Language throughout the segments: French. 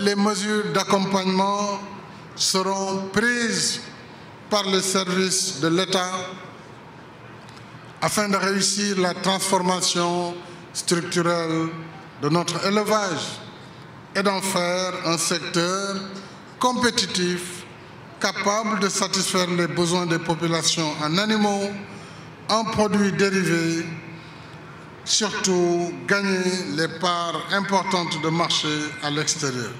les mesures d'accompagnement seront prises par les services de l'État afin de réussir la transformation structurelle de notre élevage et d'en faire un secteur compétitif capable de satisfaire les besoins des populations en animaux, en produits dérivés surtout gagner les parts importantes de marché à l'extérieur.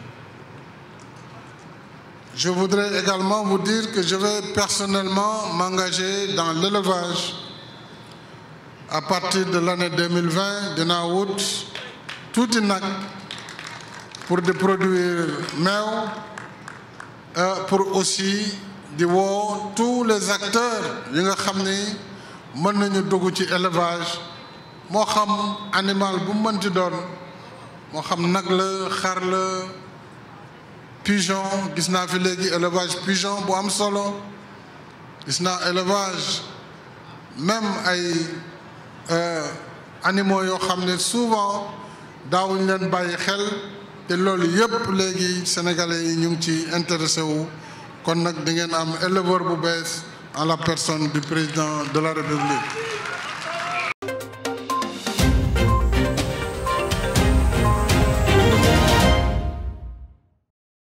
Je voudrais également vous dire que je vais personnellement m'engager dans l'élevage. À partir de l'année 2020, de Naout, tout pour de produire et euh, pour aussi di tous les acteurs yi nga élevage Mo xam animal bu animaux doon mo xam nag la xar pigeon gis fi pigeon bu am solo élevage même ay euh, animaux yo souvent daawuñ len baye xel té yépp légui sénégalais yi ñu ci intéressé wu kon éleveur à la personne du président de la république